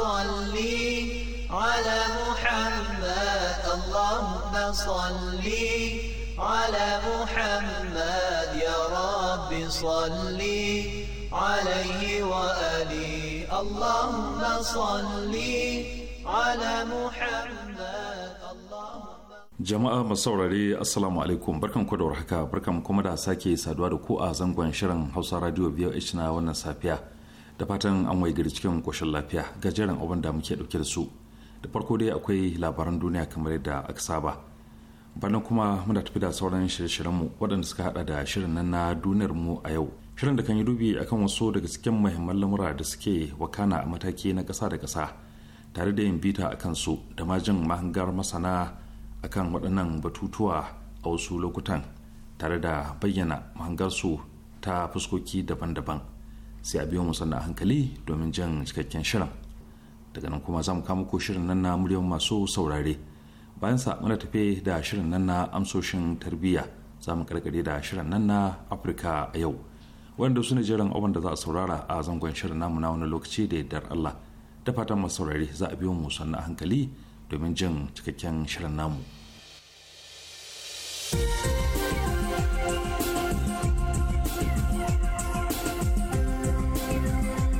صل على محمد اللهم صل على محمد يا رب صل عليه وآله اللهم صل على محمد Jama'a masu saurare Assalamu alaikum barkan ku da warhaka barkan kuma da sake saduwa da ku a zangon shirin Hausa Radio VOH na wannan safiya. da fatan an wai gari cikin koshin lafiya gajeren abin da muke dauke da su da farko dai akwai labaran duniya kamar yadda aka saba bayan kuma muna tafi da sauran shirye mu waɗanda suka hada da shirin nan na duniyar mu a yau shirin da kan yi dubi akan wasu daga cikin muhimman lamura da suke wakana a mataki na kasa da kasa tare da yin bita a kansu da ma jin mahangar masana akan waɗannan batutuwa a wasu lokutan tare da bayyana mahangarsu ta fuskoki daban-daban sai a biyo musanna sannan hankali domin jan cikakken shirin daga nan kuma za mu kama ko shirin nan na muryan masu saurare bayan sa muna tafe da shirin nan na amsoshin tarbiyya za mu karkare da shirin nan na afirka a yau wanda su ne jiran abin da za a saurara a zangon shirin namu na wani lokaci da yardar allah da fatan masu saurare za a biyo mu sannan hankali domin jin cikakken shirin namu.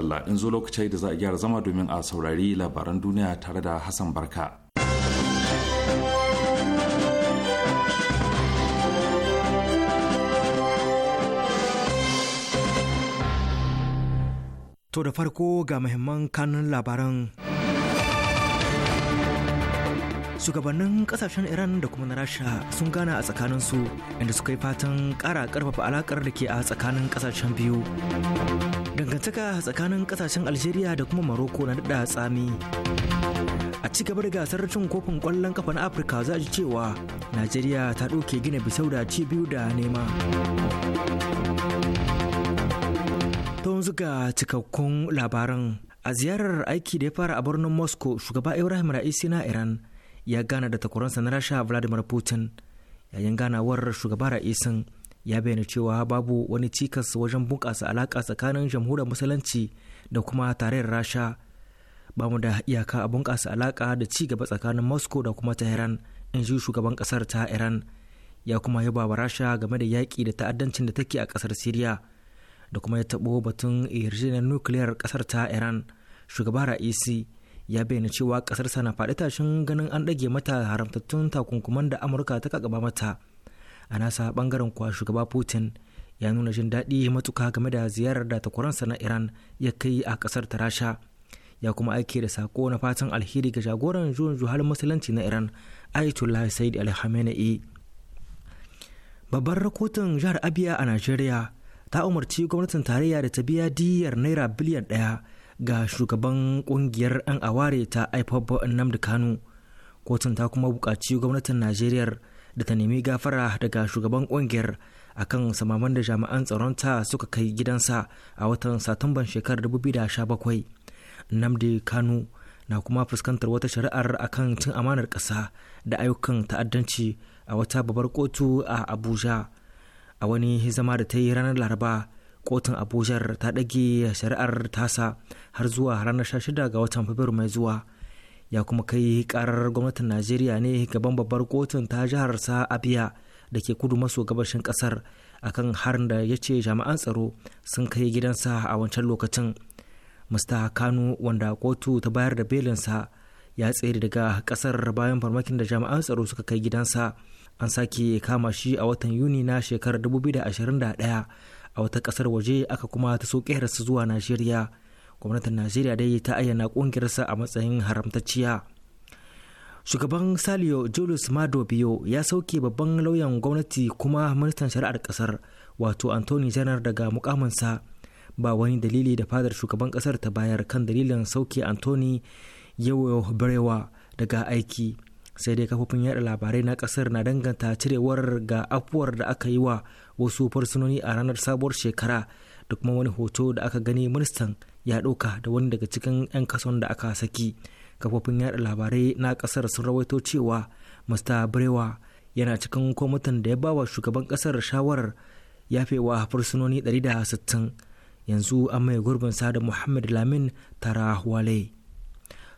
madalla in zo lokaci da za a gyara zama domin a saurari labaran duniya tare da Hassan Barka. To da farko ga muhimman kanun labaran. Shugabannin kasashen Iran da kuma na Rasha sun gana a tsakanin su inda suka yi fatan kara karfafa alakar da ke a tsakanin kasashen biyu. dangantaka tsakanin kasashen algeria da kuma maroko na daɗa tsami a ci gaba da gasar cin kofin kwallon kafa na afirka za a ji cewa najeriya ta ɗauke gina bisau da ci biyu da nema ta wanzu ga cikakkun labaran a ziyarar aiki da ya fara a birnin moscow shugaba ibrahim ra'isi na iran ya gana da takwaransa na rasha vladimir putin yayin ganawar shugaba ra'isin ya bayyana cewa babu wani cikas wajen bunƙasa alaƙa tsakanin jamhuriyar musulunci da kuma tarayyar rasha ba mu da iyaka a bunƙasa alaƙa da ci gaba tsakanin moscow da kuma tehran in ji shugaban ƙasar ta iran ya kuma yaba wa rasha game da yaƙi da ta'addancin da take a ƙasar siriya da kuma ya taɓo batun yarjejeniyar nukiliyar ƙasar ta iran shugaba ra'isi ya bayyana cewa ƙasarsa na faɗi tashin ganin an ɗage mata haramtattun takunkuman da amurka ta gaba mata a nasa bangaren kuwa shugaba putin ya nuna jin daɗi matuka game da ziyarar da takwaransa na iran ya kai a ƙasar ta rasha ya kuma aiki da sako na fatan alheri ga jagoran juyin juhal musulunci na iran ayatollah said al babbar rakotun jihar abia a nigeria ta umarci gwamnatin tarayya da ta biya diyar naira biliyan ɗaya ga shugaban kungiyar an aware ta ipob nnamdi kanu kotun ta kuma bukaci gwamnatin najeriya da ta nemi gafara daga shugaban kungiyar akan samaman da jami'an tsaronta suka kai gidansa a watan satumban shekarar 2017 namdi kanu na kuma fuskantar wata shari'ar akan cin amanar ƙasa da ayyukan ta'addanci a wata babbar kotu a abuja a wani zama da ta yi ranar laraba kotun abujar ta ɗage shari'ar tasa har zuwa ranar 16 ga watan fabrairu mai zuwa ya kuma kai karar gwamnatin najeriya ne gaban babbar kotun ta jihar sa abiya da ke kudu maso gabashin kasar akan harin da ya ce jami'an tsaro sun kai gidansa a wancan lokacin musta kanu wanda kotu ta bayar da belinsa ya tsere daga kasar bayan farmakin da jami'an tsaro suka kai gidansa an sake kama shi a watan yuni na shekarar 2021 a wata kasar waje aka kuma ta so zuwa najeriya gwamnatin najeriya dai ta ayyana ƙungiyarsa a matsayin haramtacciya shugaban salio julius mado biyo ya sauke babban lauyan gwamnati kuma ministan shari'ar kasar wato anthony janar daga mukaminsa ba wani dalili da fadar shugaban kasar ta bayar kan dalilin sauke anthony yawo barewa daga aiki sai dai kafofin yada labarai na kasar na danganta cirewar ga afuwar da aka yi wa wasu fursunoni a ranar sabuwar shekara da kuma wani hoto da aka gani ministan ya ɗauka da wani daga cikin 'yan kason da aka saki kafofin yaɗa labarai na ƙasar sun rawaito cewa mr brewa yana cikin kwamitin da ya bawa shugaban ƙasar shawarar yafewa fursunoni 160 yanzu an mai gurbin sada muhammad lamin tarahwale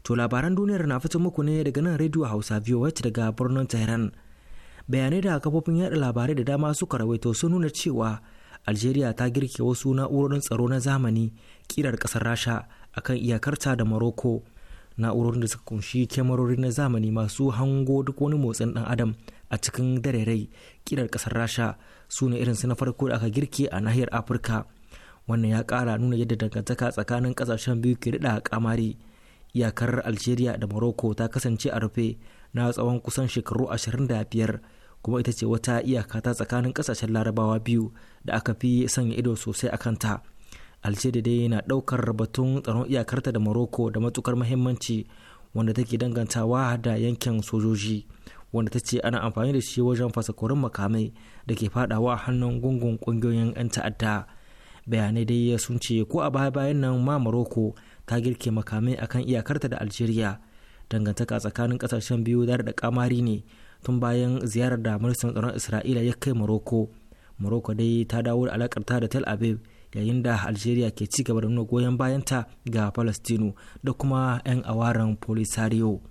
to labaran duniyar na fito muku ne daga nan rediyo hausa voh daga birnin tehran bayanai da kafofin yaɗa labarai da dama suka rawaito sun nuna cewa algeria ta girke wasu na'urorin tsaro na zamani kirar kasar rasha akan iyakarta da morocco na'urorin da suka kunshi kyamarori na zamani masu hango duk wani motsin dan adam a cikin dare rai kirar kasar rasha su ne irinsu na farko da aka girke a nahiyar afirka wannan ya kara nuna yadda dangantaka tsakanin kasashen biyu ke rida kamari iyakar algeria da morocco ta kasance a rufe na tsawon kusan shekaru ashirin da biyar. kuma ita ce wata iyaka ta tsakanin kasashen larabawa biyu da aka fi sanya ido sosai a kanta algeria dai na daukar batun tsaron iyakarta da morocco da matukar mahimmanci wanda take dangantawa da yankin sojoji wanda ta ce ana amfani da shi wajen fasakorin makamai da ke fadawa hannun gungun kungiyoyin 'yan ta'adda bayanai dai sun ce ko a baya bayan nan ma morocco ta girke makamai akan iyakarta da algeria dangantaka tsakanin kasashen biyu da da kamari ne tun bayan ziyarar da ministan tsaron isra'ila ya kai morocco morocco dai ta dawo da alakarta da tel aviv yayin da algeria ke ci gaba da nuna goyon bayanta ga palestino da kuma 'yan awaran polisario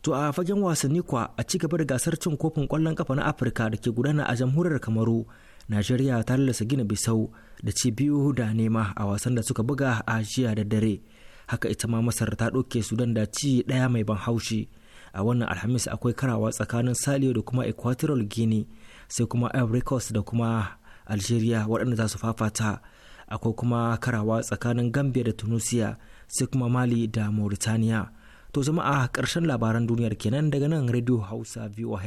to a fagen wasanni kwa a ci gaba da gasar cin kofin kwallon kafa na afirka da ke gudana a jamhuriyar kamaru najeriya ta lalasa gina bisau da ci biyu da nema a wasan da suka buga a jiya da dare haka ita ma masar ta ɗauke sudan da ci ɗaya mai ban haushi a wannan alhamis akwai karawa tsakanin saliyo da kuma equatorial guinea sai kuma ivory coast da kuma algeria waɗanda za su fafata akwai kuma karawa tsakanin gambia da tunisia sai kuma mali da mauritania to zama a ƙarshen labaran duniyar kenan daga nan radio hausa voh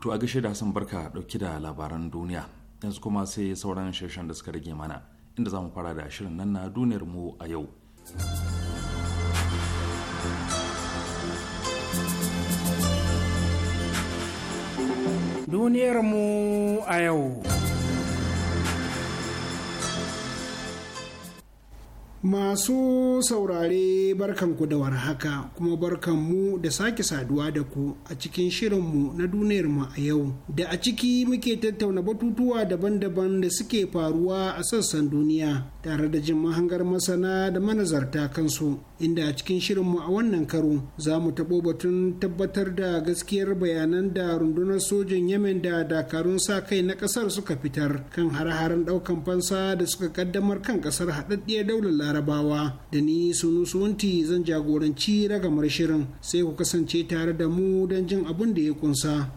to a gashe da hassan barka dauke da labaran duniya yanzu kuma sai sauran sheshen da suka rage mana inda za mu fara da shirin nan na duniyar mu a yau duniyar mu a yau Masu saurare barkan ku da warhaka kuma barkanmu da sake saduwa da ku a cikin shirin mu na duniyarmu a yau da a ciki muke tattauna batutuwa daban-daban da suke faruwa a sassan duniya tare da jin mahangar masana da manazarta kansu inda a cikin shirinmu a wannan karo za mu taɓo batun tabbatar da gaskiyar bayanan da rundunar sojin Yamen da dakarun sa kai na ƙasar suka fitar kan hare-haren ɗaukan fansa da suka ƙaddamar kan ƙasar haɗaɗɗiyar daular larabawa da ni sunu suwanti zan jagoranci ragamar shirin sai ku kasance tare da mu don jin abin da ya kunsa.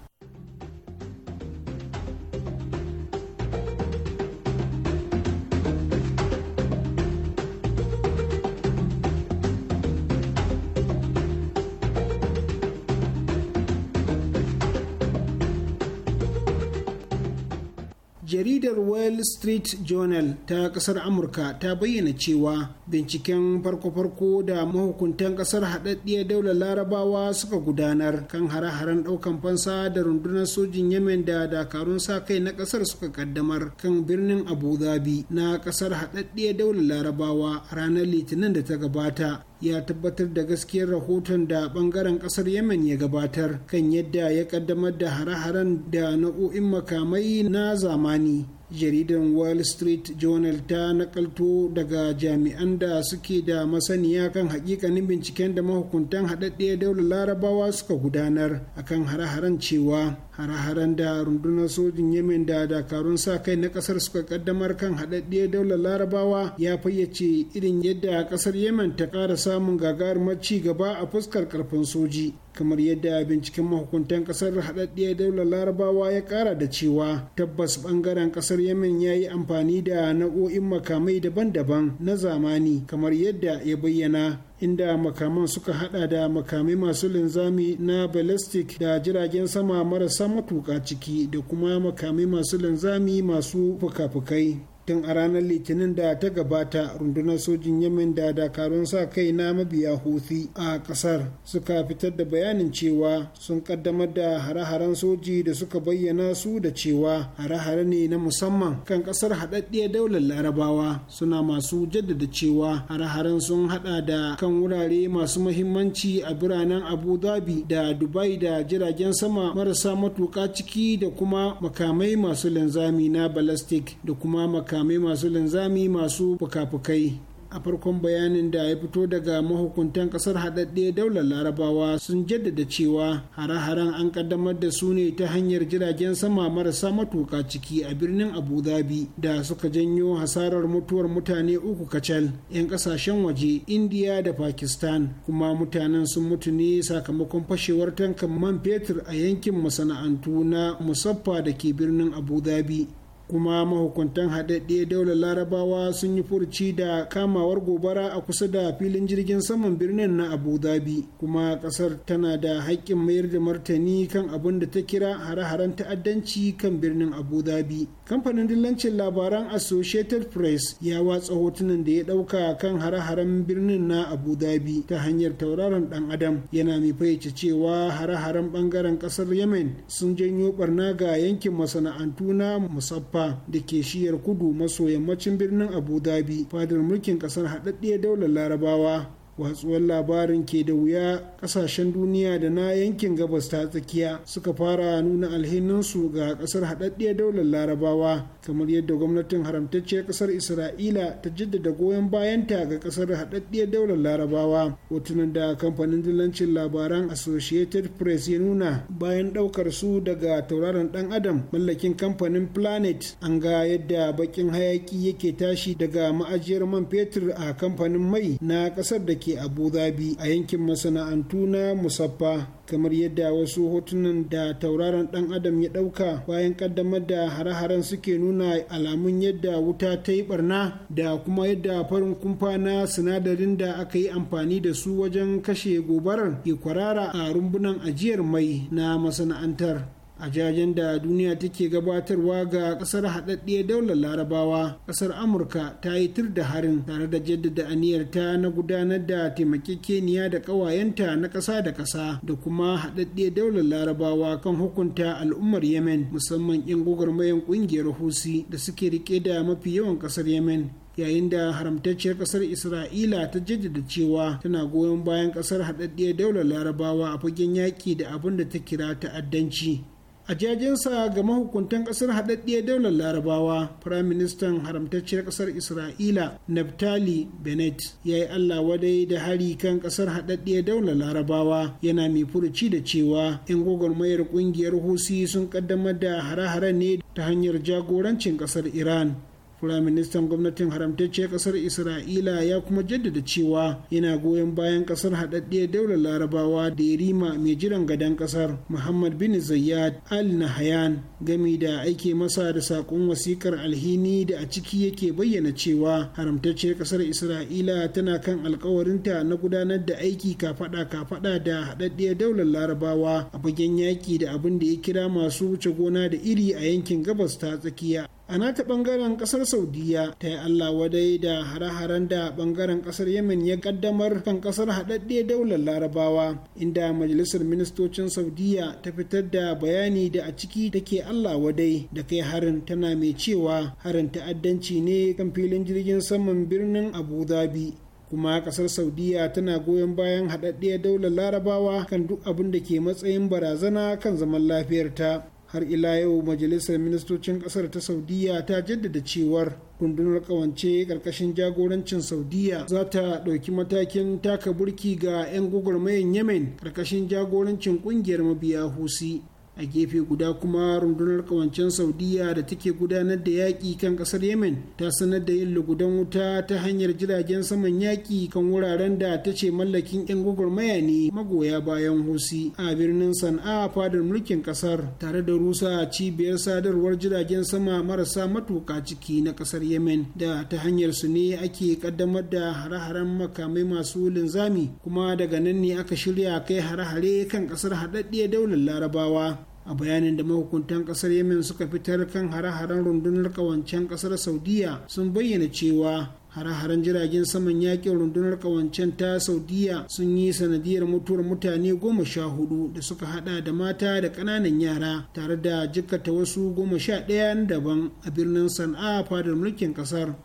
wall street journal ta ƙasar amurka ta bayyana cewa binciken farko-farko da mahukuntan kasar haɗaɗɗiyar daular larabawa suka gudanar kan hare-haren ɗaukan fansa da rundunar sojin yemen da dakarun sa kai na kasar suka kaddamar kan birnin abu dhabi na kasar haɗaɗɗiyar daular larabawa ranar litinin da ta gabata ya tabbatar da gaskiyar rahoton da bangaren kasar yemen ya gabatar kan yadda ya kaddamar da hare-haren da nau'o'in makamai na zamani jaridar wall street journal ta nakalto daga jami'an waɗanda suke da masaniya kan hakikanin binciken da mahukuntan haɗaɗɗiyar daular larabawa suka gudanar akan hare-haren cewa hare-haren da rundunar sojin yemen da dakarun sa kai na kasar suka kaddamar kan haɗaɗɗiyar daular larabawa ya fayyace irin yadda kasar yemen ta ƙara samun gagarumar ci gaba a fuskar karfin soji kamar yadda binciken mahukuntan kasar haɗaɗɗiyar daular larabawa ya ƙara da cewa tabbas ɓangaren kasar yemen ya yi amfani da nau'o'in makamai daban-daban na zamani kamar yadda ya bayyana inda makaman suka hada da makamai masu linzami na ballistic da jiragen sama marasa matuka ciki da kuma makamai masu linzami masu fuka-fukai tun a ranar litinin da ta gabata rundunar sojin yamin da dakarun sa kai na mabiya huthi a kasar suka fitar da bayanin cewa sun kaddamar da hare-haren soji da suka bayyana su da cewa hare-hare ne na musamman kan kasar haɗaɗɗiyar daular larabawa suna masu jaddada cewa hare-haren sun haɗa da kan wurare masu mahimmanci a biranen abu dhabi da dubai da jiragen sama marasa matuƙa ciki da kuma makamai masu linzami na balastik da kuma makamai masu linzami masu fuka-fukai a farkon bayanin da ya fito daga mahukuntan kasar haɗaɗɗe daular larabawa sun jaddada cewa hare-haren an kaddamar da su ne ta hanyar jiragen sama marasa matuƙa ciki a birnin abu dhabi da suka janyo hasarar mutuwar mutane uku kacal 'yan ƙasashen waje indiya da pakistan kuma mutanen sun mutu ne sakamakon fashewar tankan man fetur a yankin masana'antu na musaffa da ke birnin abu dhabi kuma mahukuntan haɗaɗɗe daular larabawa sun yi furuci da kamawar gobara a kusa da filin jirgin saman birnin na abu dhabi kuma ƙasar tana da haƙƙin mayar da martani kan abin da ta kira hare-haren ta'addanci kan birnin abu dhabi kamfanin dillancin labaran associated press ya watsa hotunan da ya ɗauka kan hare-haren birnin na abu dhabi ta hanyar tauraron ɗan adam yana mai fayyace cewa hare-haren ɓangaren ƙasar yemen sun janyo ɓarna ga yankin masana'antu na musaffa Jaffa da ke shiyar kudu maso yammacin birnin Abu Dhabi fadar mulkin kasar haɗaɗɗiyar daular Larabawa watsuwar labarin ke da wuya kasashen duniya da na yankin gabas ta tsakiya suka fara nuna alhininsu ga kasar haɗaɗɗiyar daular larabawa kamar yadda gwamnatin haramtacciyar kasar isra'ila ta jaddada goyon bayanta ga kasar haɗaɗɗiyar daular larabawa hotunan da kamfanin dillancin labaran associated press ya nuna bayan ɗaukar su daga tauraron ɗan adam mallakin kamfanin planet an ga yadda bakin hayaki yake tashi daga ma'ajiyar man fetur a kamfanin mai na ƙasar da ke abu zabi a yankin masana'antu na musaffa kamar yadda wasu hotunan da tauraron dan adam ya dauka bayan kaddamar da hare-haren suke nuna alamun yadda wuta ta yi barna da kuma yadda farin kumfa na sinadarin da aka yi amfani da su wajen kashe gobarar ke kwarara a rumbunan ajiyar mai na masana'antar a jajen da duniya take gabatarwa ga kasar haɗaɗɗiyar daular larabawa kasar amurka ta yi tur da harin tare da jaddada aniyarta na gudanar da taimakekeniya da ƙawayenta na ƙasa da ƙasa da kuma haɗaɗɗiya daular larabawa kan hukunta al'ummar yemen musamman 'yan gwagwarmayan ƙungiyar husi da suke rike da mafi yawan ƙasar yemen yayin da haramtacciyar kasar isra'ila ta jaddada cewa tana goyon bayan kasar haɗaɗɗiyar daular larabawa a fagen yaƙi da abin da ta kira ta'addanci a jajensa ga mahukuntan kasar hadaddiya daular larabawa firayim ministan haramtacciyar kasar isra'ila naftali bennett ya yi allah wadai da hari kan kasar haɗaɗɗiya daular larabawa yana mai furuci da cewa 'yan gwagwarmayar ƙungiyar husi sun ƙaddamar da hare-hare ne ta hanyar jagorancin kasar iran Firaministan gwamnatin haramtacciyar kasar Isra'ila ya kuma jaddada cewa yana goyon bayan kasar haɗaɗɗiyar daular larabawa da rima mai jiran gadon kasar Muhammad bin Zayyad Al Nahyan gami da aike masa da saƙon wasiƙar alhini da a ciki yake bayyana cewa haramtacciyar kasar Isra'ila tana kan alkawarinta na gudanar da aiki kafaɗa kafaɗa da haɗaɗɗiyar daular larabawa a fagen yaƙi da abin da ya kira masu wuce gona da iri a yankin gabas ta tsakiya a nata bangaren kasar saudiya ta yi allah wadai da hare-haren da bangaren kasar yemen ya kaddamar kan kasar haɗaɗɗe daular larabawa inda majalisar ministocin saudiya ta fitar da bayani da a ciki take allah wadai da kai harin tana mai cewa harin ta'addanci ne kan filin jirgin saman birnin abu dhabi kuma kasar saudiya tana goyon bayan haɗaɗɗiyar daular larabawa kan duk abin da ke matsayin barazana kan zaman lafiyarta har ila yau majalisar ministocin kasar ta saudiya ta jaddada cewar rundunar kawance karkashin jagorancin saudiya za ta ɗauki matakin taka burki ga 'yan gwagwarmayan yemen karkashin jagorancin kungiyar mabiya husi a gefe guda kuma rundunar kawancen saudiya da take gudanar da yaƙi kan ƙasar yemen ta sanar da yin lugudan wuta ta hanyar jiragen saman yaƙi kan wuraren da ta ce mallakin 'yan gwagwarmaya ne magoya bayan husi a birnin sana'a fadar mulkin ƙasar tare da rusa cibiyar sadarwar jiragen sama marasa matuƙa ciki na ƙasar yemen da ta hanyar su ne ake ƙaddamar da hare-haren makamai masu linzami kuma daga nan ne aka shirya kai hare-hare kan ƙasar haɗaɗɗiyar daular larabawa a bayanin da mahukuntan kasar yemen suka fitar kan hare-haren rundunar kawancen kasar saudiya sun bayyana cewa hare-haren jiragen saman yakin rundunar kawancen ta saudiya sun yi sanadiyar mutuwar mutane goma sha hudu da suka hada da mata da kananan yara tare da jikata wasu goma sha ɗaya daban a birnin sana'a fadar mulkin kasar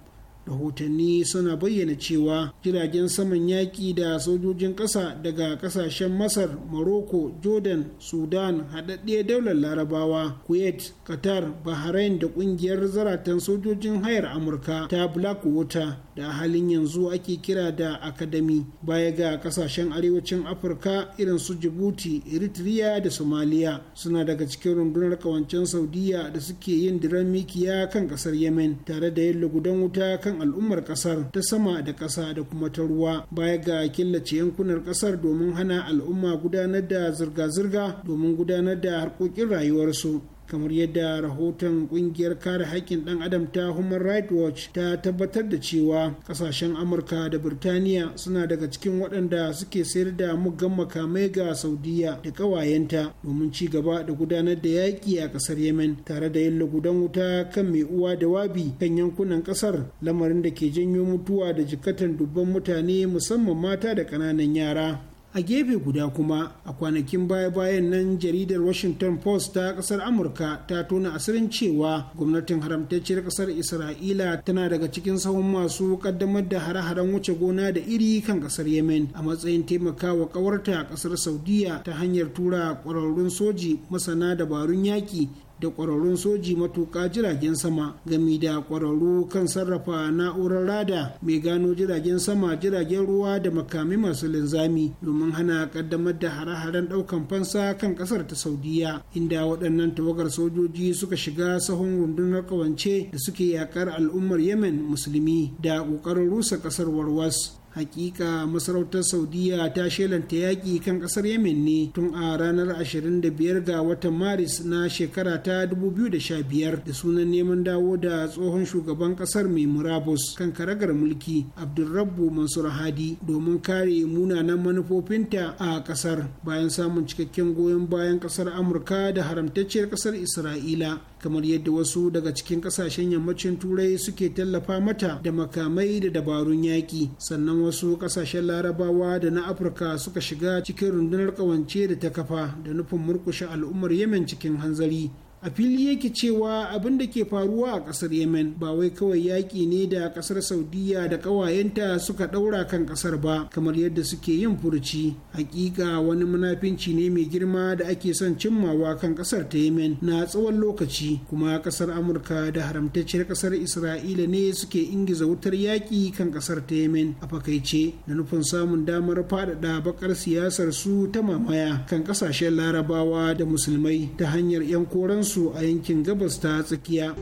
rahotanni suna bayyana cewa jiragen saman yaƙi da sojojin ƙasa daga ƙasashen masar morocco jordan sudan haɗaɗɗiyar daular larabawa kuwait qatar bahrain da ƙungiyar zaratan sojojin hayar amurka ta black blackwater da halin yanzu ake kira da academy baya ga ƙasashen arewacin afirka irin su djibouti eritrea da somalia suna daga cikin rundunar ƙawancen saudiya da suke yin diran mikiya kan ƙasar yemen tare da yin lugudan wuta kan dukkan al'ummar kasar ta sama da kasa da kuma ta ruwa baya ga killace yankunan kasar domin hana al'umma gudanar da zirga-zirga domin gudanar da harkokin rayuwarsu kamar yadda rahoton kungiyar kare haƙƙin ɗan adam ta human rights watch ta tabbatar da cewa ƙasashen amurka da birtaniya suna daga cikin waɗanda suke sayar da muggan makamai ga saudiya da ƙawayenta domin ci gaba da gudanar da yaƙi a ƙasar yemen tare da yin gudan wuta kan mai uwa da wabi kan yankunan ƙasar lamarin da ke janyo mutuwa da jikatan dubban mutane musamman mata da ƙananan yara a gefe guda kuma a kwanakin baya-bayan nan jaridar washington post ta kasar amurka ta tona asirin cewa gwamnatin haramtacciyar kasar isra'ila tana daga cikin sahun masu kaddamar da hare-haren wuce gona da iri kan kasar yemen a matsayin taimakawa kawarta kasar saudiya ta hanyar tura kwararrun soji masana dabarun yaki da kwararrun soji matuƙa jiragen sama gami da kwararru kan sarrafa na'urar rada mai gano jiragen sama jiragen ruwa da makami masu linzami domin hana kaddamar da hare-haren ɗaukan fansa kan ƙasar ta saudiya inda waɗannan tawagar sojoji suka shiga sahun rundunar ƙawance da suke yakar al'ummar yemen musulmi da ƙoƙarin rusa ƙasar warwas hakika masarautar saudiya ta shelanta yaƙi kan ƙasar yemen ne tun a ranar 25 ga watan maris na shekara ta 2015 da sunan neman dawo da tsohon shugaban ƙasar mai murabus kan karagar mulki abdulrabbu mansur hadi domin kare munanan manufofinta a ƙasar bayan samun cikakken goyon bayan ƙasar amurka da haramtacciyar ƙasar isra'ila kamar yadda wasu daga cikin ƙasashen yammacin turai suke tallafa mata da makamai da dabarun yaƙi sannan wasu kasashen larabawa da na afirka suka shiga cikin rundunar kawance da ta kafa da nufin murkushe al'ummar yemen cikin hanzari a fili yake cewa abin da ke faruwa a ƙasar yemen ba wai kawai yaƙi ne da ƙasar saudiya da ƙawayenta suka ɗaura kan ƙasar ba kamar yadda suke yin furuci hakika wani munafinci ne mai girma da ake son cimmawa kan ƙasar ta yemen na tsawon lokaci kuma ƙasar amurka da haramtacciyar ƙasar isra'ila ne suke ingiza wutar yaƙi kan ƙasar ta yemen a fakaice da nufin samun damar faɗaɗa bakar siyasar su ta mamaya kan ƙasashen larabawa da musulmai ta hanyar 'yan koran su a yankin gabas ta tsakiya.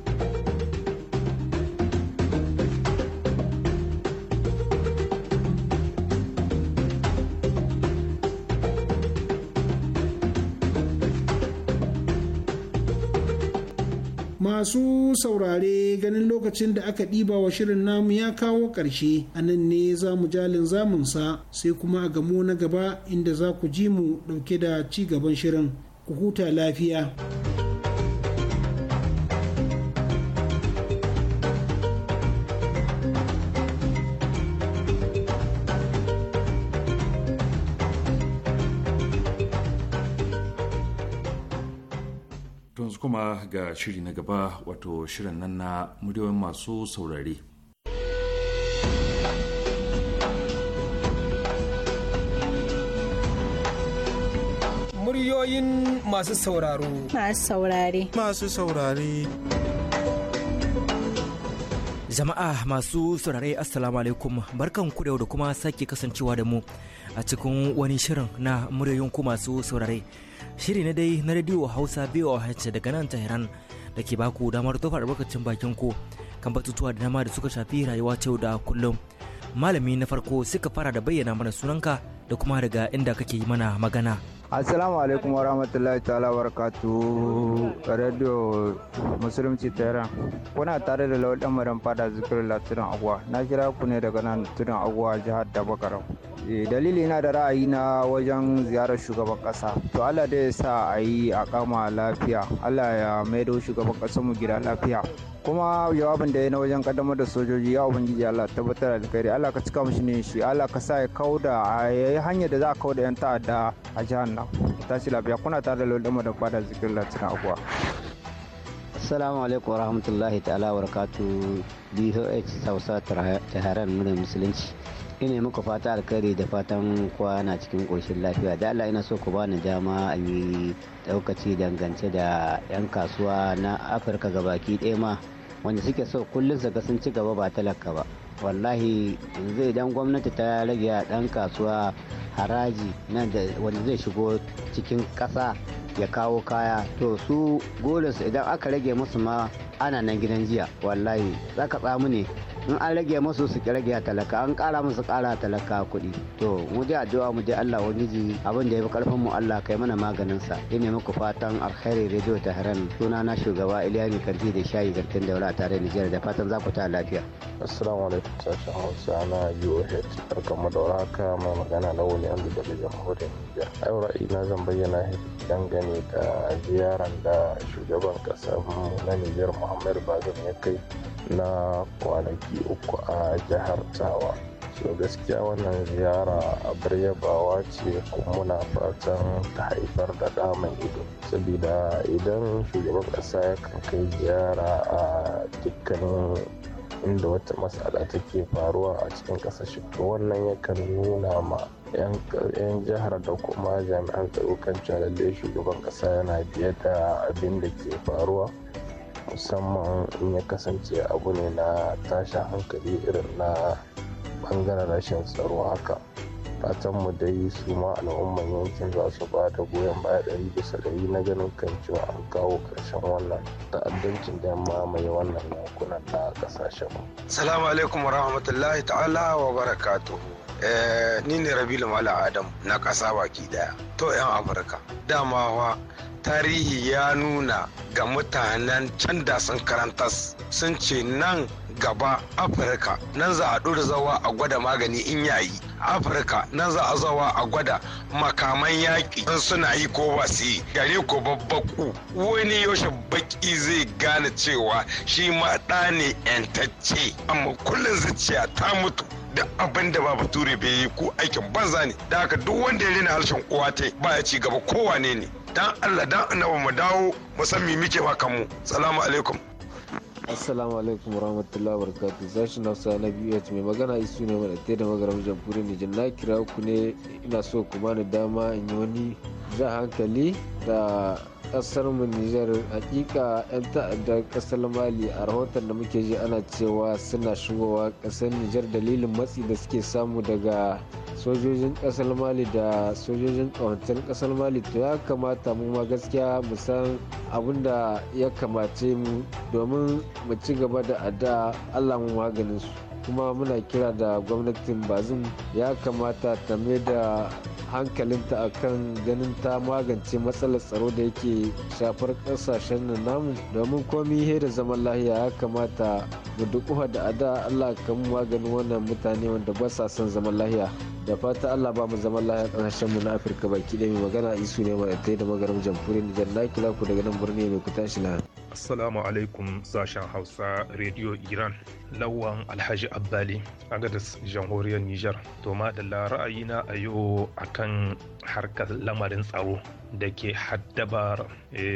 masu saurare ganin lokacin da aka ɗiba wa shirin namu ya kawo ƙarshe a nan ne za mu jalin zamunsa sai kuma a gamo na gaba inda za ku ji mu ɗauke da ci gaban shirin ku huta lafiya. koma ga shiri na gaba wato shirin nan na muryoyin masu saurare. Muryoyin masu sauraro. Masu saurare. Masu saurare. Jama'a masu saurare Assalamu alaikum barkan ku da kuma sake kasancewa da mu a cikin wani shirin na muryoyin ku masu saurare. Shiri na dai na radio Hausa BOH daga nan Tehran da ke baku damar tofa albarkacin bakin ku kan batutuwa da dama da suka shafi rayuwa ta yau da kullum. Malami na farko suka fara da bayyana mana sunanka da kuma daga inda kake yi mana magana. assalamu alaikum wa rahmatullahi ta'ala wa barakatu radio musulunci tehran kuna tare da lauɗan maran fada zikirin latunan agwa na kira ku ne daga nan tunan agwa jihar bakara eh, dalili na da ra'ayi na wajen ziyarar shugaban kasa to allah da ya sa a yi a kama lafiya allah ya maido shugaban mu gida lafiya kuma jawabin da ya na wajen kaddamar da sojoji ya ubangiji allah tabbatar da alkhairi allah ka cika mishi ne shi allah ka sa ya kauda a yayi hanyar da za a kauda yan ta'adda a jihar tashi lafiya kuna tare da da fada zikirin latin akuwa Assalamu alaikum wa rahmatullahi ta'ala wa rakatu BOH Hausa Taharan Muryar Musulunci. Ina muku fata alkhairi da fatan kwa na cikin ƙoshin lafiya. Da Allah ina so ku ba ni dama a yi daukaci dangance da 'yan kasuwa na Afirka gabaki ɗaya ma wanda suke so kullum su sun ci gaba ba talaka ba. wallahi zai dan gwamnati ta rage a dan kasuwa haraji nan da wanda zai shigo cikin ƙasa ya kawo kaya to su golinsu idan aka rage musu ma ana nan gidan jiya wallahi tsaka tsamu ne in an rage musu su rage a talaka an kara musu kara talaka kuɗi to mu je addu'a mu je Allah ji abin da ya fi karfin mu Allah kai mana maganin sa ina muku fatan alkhairi radio tahran suna na shugaba Iliya Kanti da shayi gartin daura tare Nijar da fatan za ku ta lafiya assalamu alaikum sashi Hausa na UOH barkan mu daura ka mai magana da wani an da jamhuriyar Nijar ai ra'ayi na zan bayyana dangane da ziyaran da shugaban kasar na Nijar Muhammadu Bazoum ya kai na kwanaki uku a jihar tawa so gaskiya wannan ziyara a bawa ce kuma muna fatan ta haifar da damar ido Sabida idan shugaban ƙasa ya kan kai ziyara a dukkanin inda wata matsala take faruwa a cikin ƙasashe to wannan yakan nuna ma 'yan jihar da kuma jami'an tsaro kan cewa shugaban ƙasa yana biye da abin da ke faruwa musamman in ya kasance abu ne na tashin hankali irin na bangaren rashin tsaro haka fatan mu dai su ma al'umman yankin za su ba da goyon baya ɗari bisa ɗari na ganin kan cewa an kawo ƙarshen wannan ta'addancin da ma mai wannan yankunan na ƙasashen mu. Salamu alaikum wa rahmatullahi ta'ala wa barakatu eh, ni ne rabilu mala adam na kasa baki daya to 'yan afirka dama tarihi ya nuna ga mutanen can da sun karantas sun ce nan gaba afirka nan za a ɗora zawa a gwada magani in yayi afirka nan za a zawa a gwada makaman yaƙi suna yi ko ba su yi gare ko babbaku wani yaushe baki zai gane cewa shi ma ɗa ne yantacce amma kullum zuciya ta mutu da abin da ba bature bai yi ko aikin banza ne da haka duk wanda ya rena harshen uwa ta ba ya ci gaba kowane ne dan Allah dan annabi mu dawo mu san me muke ba kanmu salamu alaikum assalamu alaikum warahmatullahi wabarakatuh na hausa na biyu mai magana isu ne mai ɗaya da magaram ne nijar na kira ku ne ina so ku bani dama in yi wani jan hankali da kasar mu Nijar hakika yan ta'addar kasar Mali a rahoton da muke ji ana cewa suna shigowa kasar Nijar dalilin matsi da suke samu daga sojojin kasar Mali da sojojin kawantar kasar Mali to ya kamata mu ma gaskiya mu san abin da ya kamace mu domin mu ci gaba da addu'a Allah mu maganin su. kuma muna kira da gwamnatin bazin ya kamata ta mai da hankalinta akan ganin ta magance matsalar tsaro da yake shafar kasashen nan namu domin komi he da zaman lahiya ya kamata mu duk da ada Allah kan maganin wannan mutane wanda ba sa son zaman lahiya da fata allah ba mu zaman lafiya ƙasashen mu na afirka baki ɗaya mai magana isu ne mai ta da magarin jamhuriyar nijar na kira ku daga nan birni mai kuta shi na. assalamu alaikum sashen hausa rediyo iran lawan alhaji abbali a jamhuriyar nijar to ma da na a yau akan harkar lamarin tsaro da ke haddabar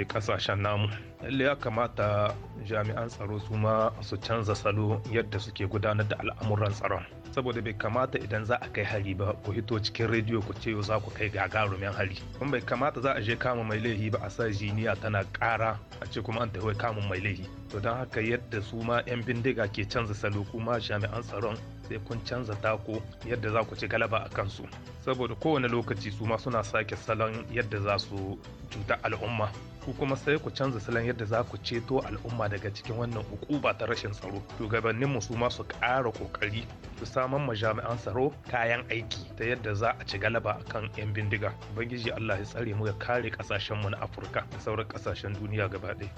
kasashen eh, namu lalle ya kamata jami'an tsaro su ma su canza salo yadda suke gudanar da al'amuran tsaron saboda bai kamata idan za a kai hari ba ku hito cikin rediyo ku ce za ku kai gagarumin hari kuma bai kamata za a je kama mai laihi ba a sa jiniya tana kara a ce kuma an tafi kama mai laifi. to don haka yadda su ma 'yan bindiga ke canza salo kuma jami'an tsaron sai kun canza tako yadda za ku ci galaba a kansu saboda kowane lokaci su ma suna sake salon yadda za su cuta al'umma ku kuma sai ku canza salon yadda za ku ceto al'umma daga cikin wannan hukuba ta rashin tsaro shugabannin mu su ma su ƙara kokari su samar ma jami'an tsaro kayan aiki ta yadda za a ci galaba a kan yan bindiga ubangiji Allah ya tsare mu ya kare kasashen mu na Afirka da sauran ƙasashen duniya gaba ɗaya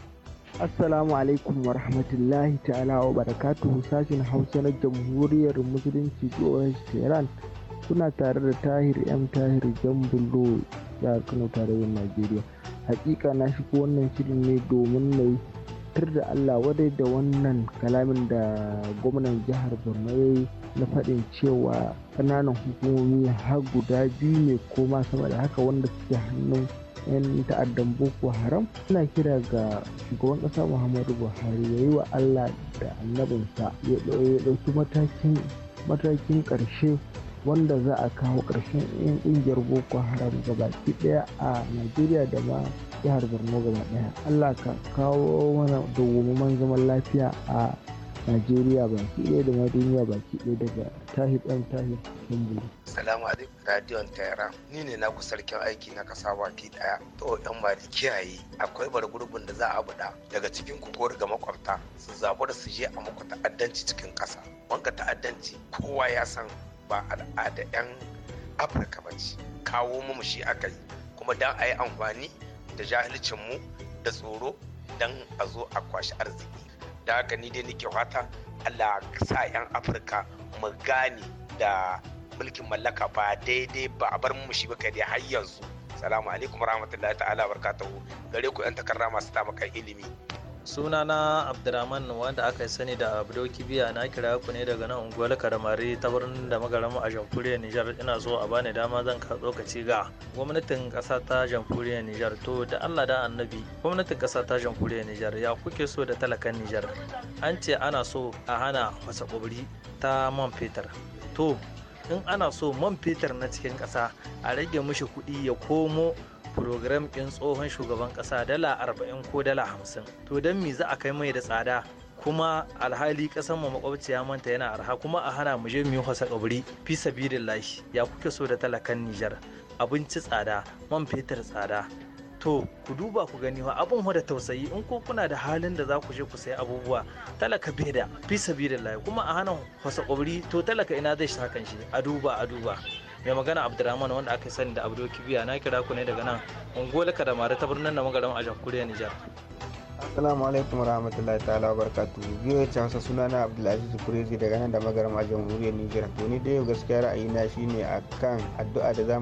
Assalamu alaikum wa rahmatullahi ta'ala wa barakatuhu sashen Hausa na Jamhuriyar Musulunci Jihohar Tehran suna tare da Tahir M Tahir Jambulo da Kano tarayyar Najeriya. Hakika na shigo wannan shirin ne domin na yi tar da Allah wadai da wannan kalamin da gwamnan jihar Borno ya yi na faɗin cewa ƙananan hukumomi har guda biyu ne koma sama da haka wanda suke hannun 'yan ta'addan boko haram ana kira ga shugaban ƙasa muhammadu buhari ya yi wa allah da annabinsa ya ɗauki matakin matakin ƙarshe wanda za a kawo ƙarshen 'yan ƙungiyar boko haram baki ɗaya a najeriya da ma jihar borno gaba ɗaya allah ka kawo mana dawwammamen zaman lafiya a Najeriya baki ɗaya da ma duniya baki ɗaya daga Tahir ɗan Tahir Kimbiri. Salamu alaikum radiyon Tehran ni ne na sarkin aiki na kasa baki ɗaya to ba da kiyaye akwai bargurbin da za a buɗa daga cikin ku ko daga makwabta su zaɓi da su je a muku ta'addanci cikin ƙasa wanka ta'addanci kowa ya san ba al'ada 'yan afirka ba ce kawo mu shi aka yi kuma don a yi amfani da jahilcinmu da tsoro dan a zo a kwashi arziki da haka ni dai nake wata allah sa 'yan afirka mu gane da mulkin mallaka ba daidai ba a bar mu shi ba kai har yanzu salamu alaikum rahmatullahi ta'ala barkatahu gare ku 'yan takarra masu tamakan ilimi sunana abdulrahman wanda aka sani da abdo kibiya na kira ku ne daga nan unguwar karamari ta birnin da magaramu a jamhuriyar nijar ina so a bani dama zan ka tsokaci ga gwamnatin ƙasa ta jamhuriyar nijar to da allah da annabi gwamnatin ƙasa ta jamhuriyar nijar ya kuke so da talakan nijar an ce ana so a hana wasa ƙobri ta man fetur to in ana so man fetur na cikin ƙasa a rage mishi kuɗi ya komo program ɗin tsohon shugaban ƙasa dala arba'in ko dala hamsin to don me za a kai mai da tsada kuma alhali kasan mu ya manta yana arha kuma a hana mu je mu yi hasa kaburi fi sabilillahi ya kuke so da talakan Nijar abinci tsada man fetur tsada to ku duba ku gani wa abin da tausayi in ko kuna da halin da za ku je ku sayi abubuwa talaka beda fi sabilillahi kuma a hana hasa kaburi to talaka ina zai shi hakan shi a duba a duba mai magana abdurrahman wanda aka sani da abdul kibiya na kira ku ne daga nan ungola kadamare ta birnin da magaram a jamhuriyar nijar Assalamu alaikum rahmatullahi ta'ala barkatu Biyo ya hausa suna na Abdulaziz Kurezi daga nan da magana a jamhuriyar Nijar. To ni dai gaskiya ra'ayina a akan addu'a da za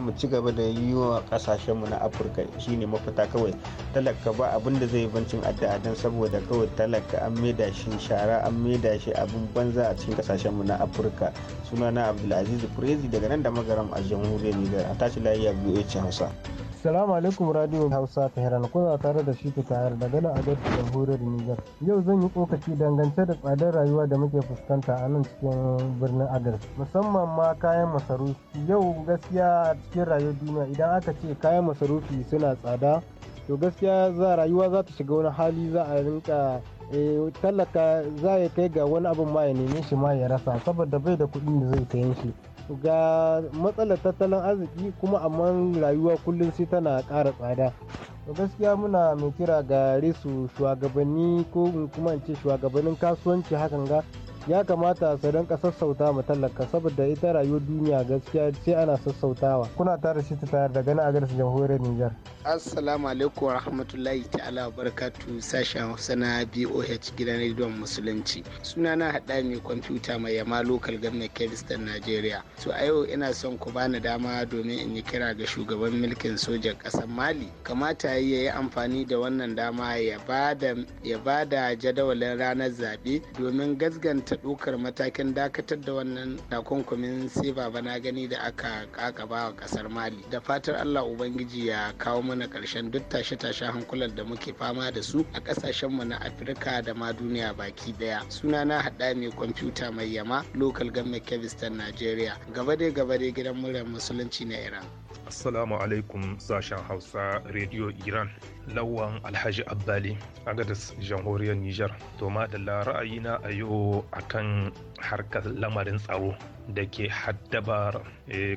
mu ci gaba da yi wa kasashen na Afirka shi ne mafita kawai. Talaka ba abin da zai bancin addu'a dan saboda kawai talaka an maida shi shara an maida shi abin banza a cikin kasashen mu na Afirka. Suna na Abdulaziz Kurezi daga nan da magana a jamhuriyar Nijar. A tashi lafiya biyo ya hausa. Assalamu alaikum radio Hausa Tehran kuna tare da shi ta yar daga nan a Agar jamhuriyar Niger. Yau zan yi kokaci dangance da tsadar rayuwa da muke fuskanta a nan cikin birnin Agar. Musamman ma kayan masarufi. Yau gaskiya cikin rayuwar duniya idan aka ce kayan masarufi suna tsada to gaskiya za rayuwa za ta shiga wani hali za a rinka eh, tallaka za ya kai ga wani abin ma ya neme shi ma ya rasa saboda bai da kuɗin da zai kai shi ga matsalar tattalin arziki kuma amma rayuwa kullum sai tana ƙara tsada to gaskiya muna mai kira ga resu shugabanni ko kuma in ce shugabannin kasuwanci hakan ga ya kamata su ka sassauta ma tallaka saboda ita rayuwar duniya gaskiya ce ana sassautawa kuna tare shi ta tayar da gani a garsa jamhuriyar Nijar assalamu alaikum rahmatullahi ta'ala barakatu sashen Hausa na BOH gidan rediyon musulunci suna na hada mai kwamfuta mai yama local government Kebistan nigeria so a yau ina son ku bani dama domin in yi kira ga shugaban mulkin sojan ƙasar Mali kamata yayi yi amfani da wannan dama ya ba da jadawalin ranar zabe domin gasganta ta ɗaukar matakin dakatar da wannan takunkumin sai baba na gani da aka kakaba wa ƙasar mali da fatar allah ubangiji ya kawo mana karshen duk tashe-tashen hankulan da muke fama da su a mu na afirka da ma duniya baki ɗaya suna na hada mai kwamfuta mai yama local government kebistan nigeria gaba dai gaba dai gidan muryar musulunci na iran Assalamu alaikum sashen Hausa Radio Iran. Lawan Alhaji Abbali a gadas jamhuriyar Nijar. To ma madalla ra'ayina a yau akan harkar lamarin tsaro da ke haddabar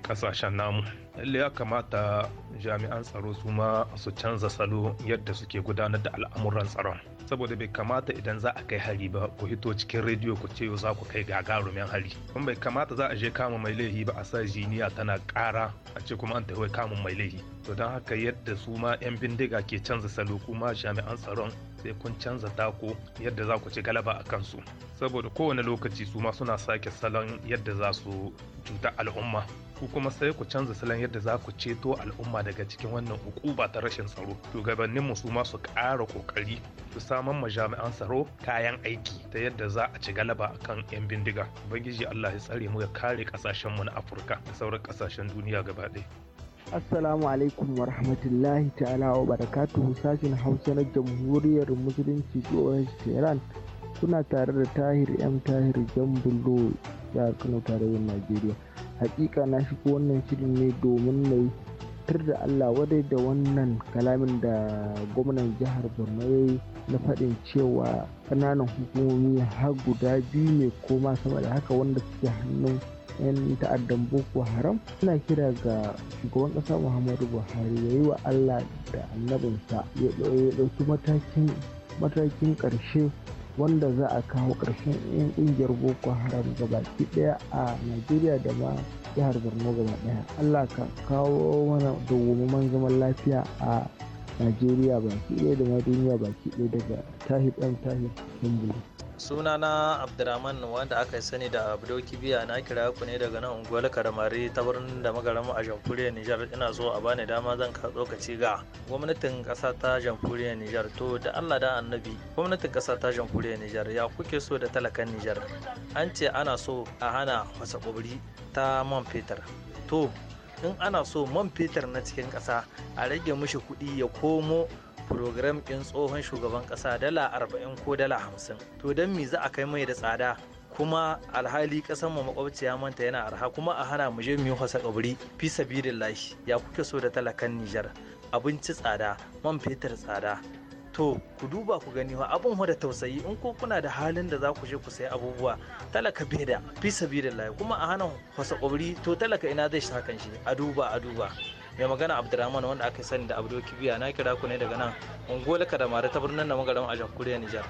kasashen eh, namu. Lalle ya kamata jami'an tsaro su ma su canza salo yadda suke gudanar da al'amuran tsaron. saboda bai kamata idan za a kai hari ba ku hito cikin rediyo ku ce za ku kai gagarumin hari kuma bai kamata za a je kama mai laifi ba a sa jiniya tana kara a ce kuma an tafi kamun mai laifi to don haka yadda su ma 'yan bindiga ke canza salo kuma jami'an tsaron sai kun canza tako yadda za ku ci galaba a kansu saboda kowane lokaci su ma suna sake salon yadda za su cuta al'umma ku kuma sai ku canza salon yadda za ku ceto al'umma daga cikin wannan hukuma ta rashin tsaro shugabannin mu su ma su ƙara kokari su samar ma jami'an tsaro kayan aiki ta yadda za a ci galaba akan yan bindiga ubangiji Allah ya tsare mu ya kare kasashen mu na Afirka da sauran kasashen duniya gaba ɗaya Assalamu alaikum wa rahmatullahi ta'ala wa barakatuhu sashen Hausa na Jamhuriyar Musulunci Jihohar Tehran suna tare da tahir m tahir jambulo ya kano tarayyar najeriya hakika na shigo wannan shirin ne domin na yi tar da allah wadai da wannan kalamin da gwamnan jihar borno ya yi na faɗin cewa ƙananan hukumomi har guda biyu ne koma sama da haka wanda suke hannun 'yan ta'addan boko haram suna kira ga shugaban ƙasa muhammadu buhari ya yi wa allah da annabinsa ya ɗauki matakin ƙarshe wanda za a kawo ƙarshen 'yan ƙungiyar boko haram gabaki ɗaya a najeriya da ma jihar borno gaba ɗaya allah ka kawo mana dawwammamen zaman lafiya a najeriya baki ɗaya da ma duniya baki ɗaya daga tahir ɗan tahir sunana abdurrahman wanda aka sani da abdo kibiya na kira ku ne daga nan unguwar karamare ta birnin da magaramu a jamhuriyar nijar ina so a bani dama zan ka tsokaci ga gwamnatin ƙasa ta jamhuriyar nijar to da allah da annabi gwamnatin ƙasa ta jamhuriyar nijar ya kuke so da talakan nijar an ce ana so a hana wasa kwabri ta man fetur to in ana so man fetur na cikin ƙasa a rage mishi kuɗi ya komo program ɗin tsohon shugaban ƙasa dala arba'in ko dala hamsin to don me za a kai mai da tsada kuma alhali ƙasar mu makwabciya manta yana arha kuma a hana mu je mu yi hasa kaburi fi sabilillahi ya kuke so da talakan Nijar abinci tsada man fetur tsada to ku duba ku gani wa abin da tausayi in ko kuna da halin da za ku je ku sayi abubuwa talaka beda fi sabilillahi kuma a hana hasa kaburi to talaka ina zai shi hakan shi a duba a duba mai magana abdurrahman wanda aka sani da abdul kibiya na kira ku ne daga nan unguwar mara ta birnin namagaram a kuriya nijar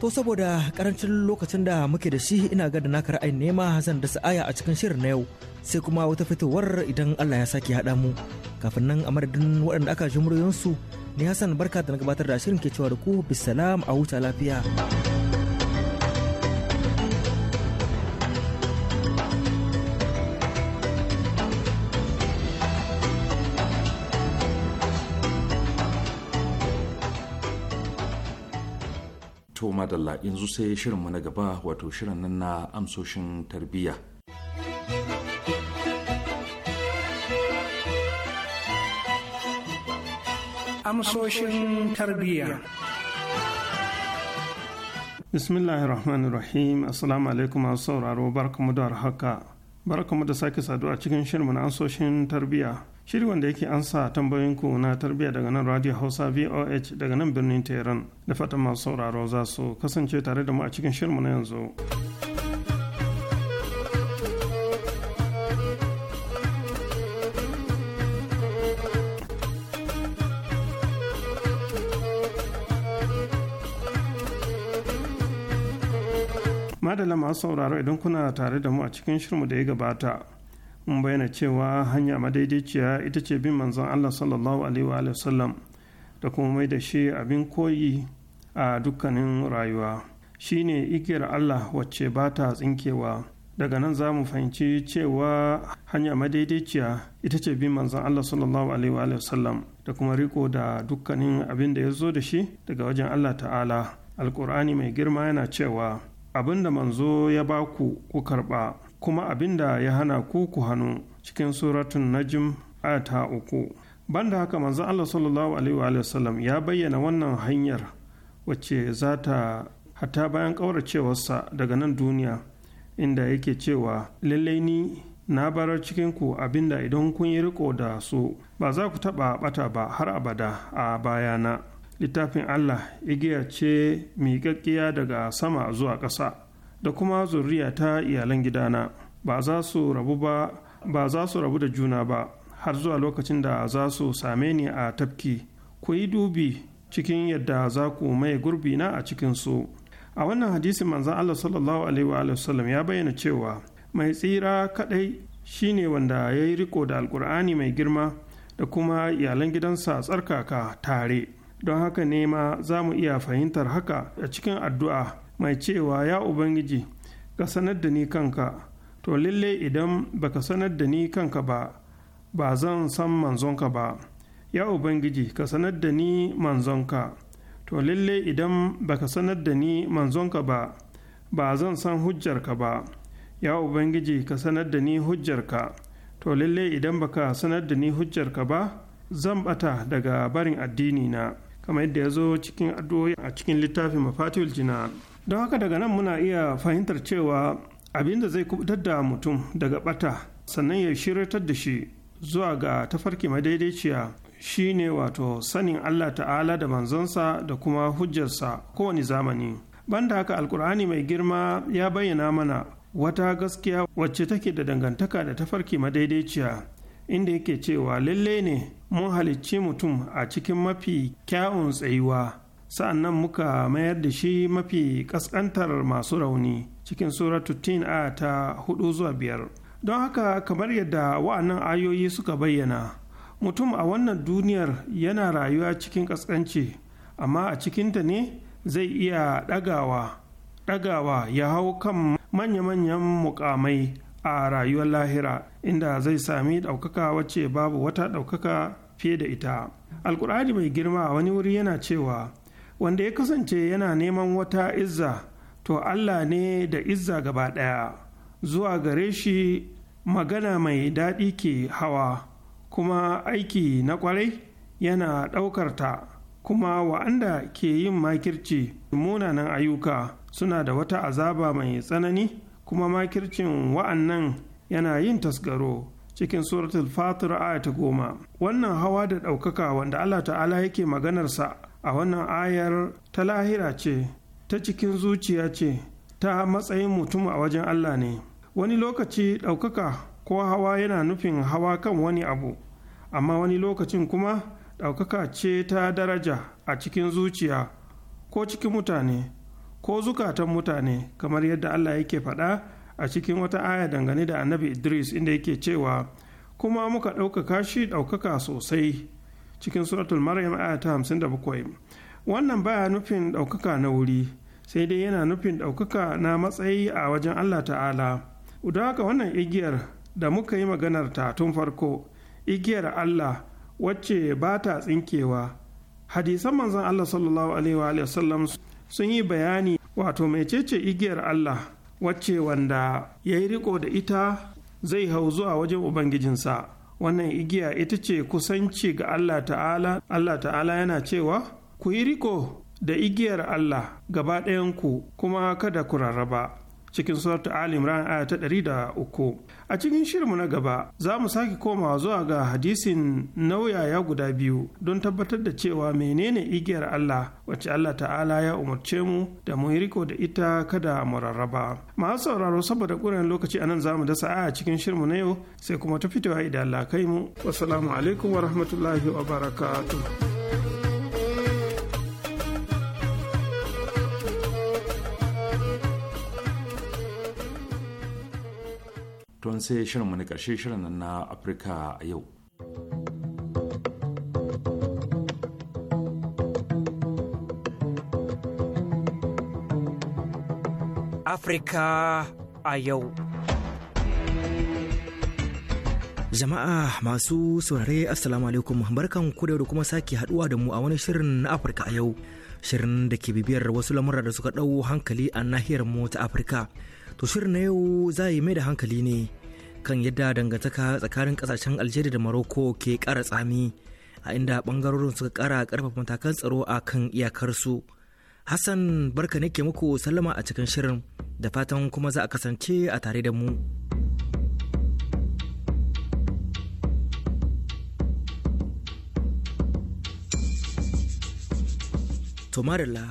to saboda karancin lokacin da muke da shi ina ga da naka ra'ayin nema zan da sa'aya a cikin shirin na yau sai kuma wata fitowar idan allah ya sake haɗa mu kafin nan a madadin waɗanda aka ji muryoyinsu ni hassan barka da na gabatar da shirin ke cewa da ku bisalam a huta lafiya. to madalla yanzu sai shirinmu na gaba wato shirin nan na amsoshin tarbiyya amsoshin tarbiyya rahim assalamu alaikum masu sauraro barkamu da haka barkamu da sake saduwa cikin shirin na amsoshin tarbiyya Shiri wanda yake ansa tambayoyinku na tarbiyya daga nan radio hausa voh daga nan birnin tehran da fatan masu sauraro za su kasance tare da mu a cikin shirinmu na yanzu madalla masu sauraro idan kuna tare da mu a cikin shirmu da ya gabata mun bayyana cewa hanya madaidaiciya ita ce bin manzon Allah sallallahu alaihi wa da kuma mai da shi abin koyi a dukkanin rayuwa shine igiyar Allah wacce ba ta tsinkewa daga nan za mu fahimci cewa hanya madaidaiciya ita ce bin manzon Allah sallallahu alaihi wa da kuma riko da dukkanin abin da ya zo da shi daga wajen Allah ta'ala alkur'ani mai girma yana cewa abin da manzo ya baku ku karba kuma abin da ya hana ku ku hannu cikin suratun najm ata uku banda haka manzon Allah sallallahu alaihi wa sallam ya bayyana wannan hanyar wacce za ta hata bayan ƙauracewarsa daga nan duniya inda yake cewa lallai ni na barar cikin ku abinda idan kun yi riko da su ba za ku taɓa ɓata ba har abada a bayana littafin Allah igiya ce miƙaƙƙiya daga sama zuwa ƙasa da kuma zuriya ta iyalan gidana ba za su rabu da juna ba har zuwa lokacin da za su same ni a tafki ku yi dubi cikin yadda za ku maye gurbi na a cikin su a wannan hadisi manzan Allah sallallahu alaihi wa sallam ya bayyana cewa mai tsira kadai shine wanda ya yi riko da alkur'ani mai girma da kuma iyalan gidansa tsarkaka tare don haka ne ma za mu iya fahimtar haka a cikin addu'a mai cewa ya ubangiji ka sanar da ni kanka to lalle idan baka sanar da ni kanka ba ba zan san manzonka ba ya ubangiji ka sanar da ni manzonka to lalle idan baka sanar da ni manzonka ba ba zan san hujjarka ba ya ubangiji ka sanar da ni hujjarka to lalle idan baka sanar da ni hujjarka ba zan bata daga barin addini na kamar yadda ya zo cikin addu'o'i a cikin littafin mafatul jinan don haka daga nan muna iya fahimtar cewa abin da zai kubutar da mutum daga bata sannan ya shiryatar da shi zuwa ga tafarki madaidaiciya shine wato sanin allah ta'ala da manzonsa da kuma hujjarsa kowane zamani banda haka alkur'ani mai girma ya bayyana mana wata gaskiya wacce take da dangantaka da tafarki madaidaiciya inda yake cewa lalle ne mun halicci mutum a cikin mafi kyawun tsayuwa sa'an nan muka mayar da shi mafi ƙasƙantar masu rauni cikin suratu tin a ta hudu zuwa biyar don haka kamar yadda wa'annan ayoyi suka bayyana mutum a wannan duniyar yana rayuwa cikin ƙasƙanci amma a cikinta ne zai iya ɗagawa ɗagawa ya hau kan manya-manyan mukamai a rayuwar lahira inda zai sami ɗaukaka wacce babu wata ɗaukaka fiye da ita alkur'ani mai girma wani wuri yana cewa wanda ya kasance yana neman wata izza to Allah ne da izza gaba ɗaya zuwa gare shi magana mai daɗi ke hawa kuma aiki na ƙwarai yana ɗaukarta kuma wa'anda ke yin makirci munanan ayyuka suna da wata azaba mai tsanani kuma makircin wa'annan yana yin tasgaro cikin suratul fatir ayata goma wannan hawa da ɗaukaka wanda allah ta'ala yake maganarsa a wannan ayar ta lahira ce ta cikin zuciya ce ta matsayin mutum a wajen Allah ne wani lokaci ɗaukaka ko hawa yana nufin hawa kan wani abu amma wani lokacin kuma ɗaukaka ce ta daraja a cikin zuciya ko cikin mutane ko zukatan mutane kamar yadda Allah yake faɗa a cikin wata aya dangane da annabi Idris inda yake cewa kuma muka ɗaukaka shi ɗaukaka sosai cikin suratul maryam aya ta bakwai wannan baya nufin ɗaukaka na wuri sai dai yana nufin ɗaukaka na matsayi a wajen allah ta'ala don haka wannan igiyar da muka yi maganar ta tun farko igiyar allah wacce ba ta tsinkewa hadisan manzon allah sallallahu alaihi wa sallam sun yi bayani wato mecece igiyar allah wacce wanda ya yi riko da ita zai hau zuwa wajen ubangijinsa wannan igiya ita ce kusanci ga Allah ta'ala Allah ta'ala yana cewa ku yi riko da igiyar Allah gaba ɗayanku kuma kada ku rarraba cikin suratu Ali Imran aya ta ɗari da uku. A cikin shirinmu na gaba za mu sake komawa zuwa ga hadisin nauyaya guda biyu don tabbatar da cewa menene igiyar Allah wacce Allah ta'ala ya umarce mu da mu riko da ita kada mu rarraba. Masu sauraro saboda ƙuran lokaci a nan za mu dasa aya cikin shirinmu na yau sai kuma ta fitowa idan Allah kai mu. Wassalamu alaikum wa rahmatullahi wa barakatuh. nan sai shirinmu na ƙarshe shirin na afirka a yau afirka a yau Jama'a masu saurare Assalamu alaikum barkan ku da kuma sake haduwa da mu a wani shirin na Afirka a yau. Shirin da ke bibiyar wasu lamura da suka ɗau hankali a nahiyar mu ta Afirka. To shirin na yau za yi mai da hankali ne kan yadda dangantaka tsakanin kasashen algeria da morocco ke kara tsami a inda bangarorin suka kara karfafa matakan tsaro a kan iyakarsu hassan barka ne ke muku sallama a cikin shirin da fatan kuma za a kasance a tare da mu tomarilla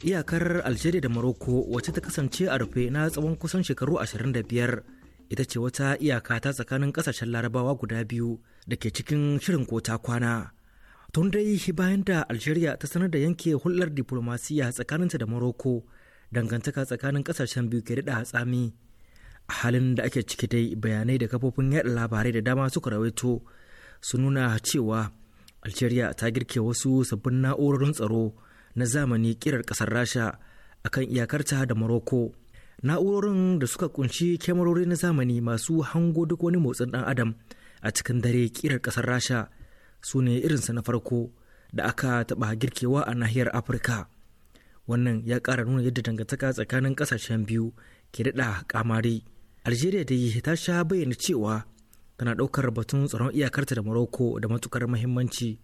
iyakar algeria da morocco wacce ta kasance a rufe na tsawon kusan shekaru 25 ita ce wata iyaka ta tsakanin kasashen larabawa guda biyu da ke cikin shirin kota kwana tun dai bayan da algeria ta sanar da yanke hulɗar diplomasiya tsakaninta da morocco dangantaka tsakanin kasashen biyu ke daɗa tsami a halin da ake ciki dai bayanai da kafofin yaɗa labarai da dama suka rawaito su nuna cewa algeria ta girke wasu sabbin na'urorin tsaro na zamani kirar kasar rasha akan iyakarta da morocco na'urorin da suka kunshi kyamarori na zamani masu hango duk wani motsin dan adam a cikin dare kirar kasar rasha su ne irinsa na farko da aka taba girkewa a nahiyar afirka wannan ya ƙara nuna yadda dangantaka tsakanin ƙasashen biyu ke daɗa kamari algeria da yi ta sha bayyana cewa tana ɗaukar batun tsaron iyakarta da morocco da matukar muhimmanci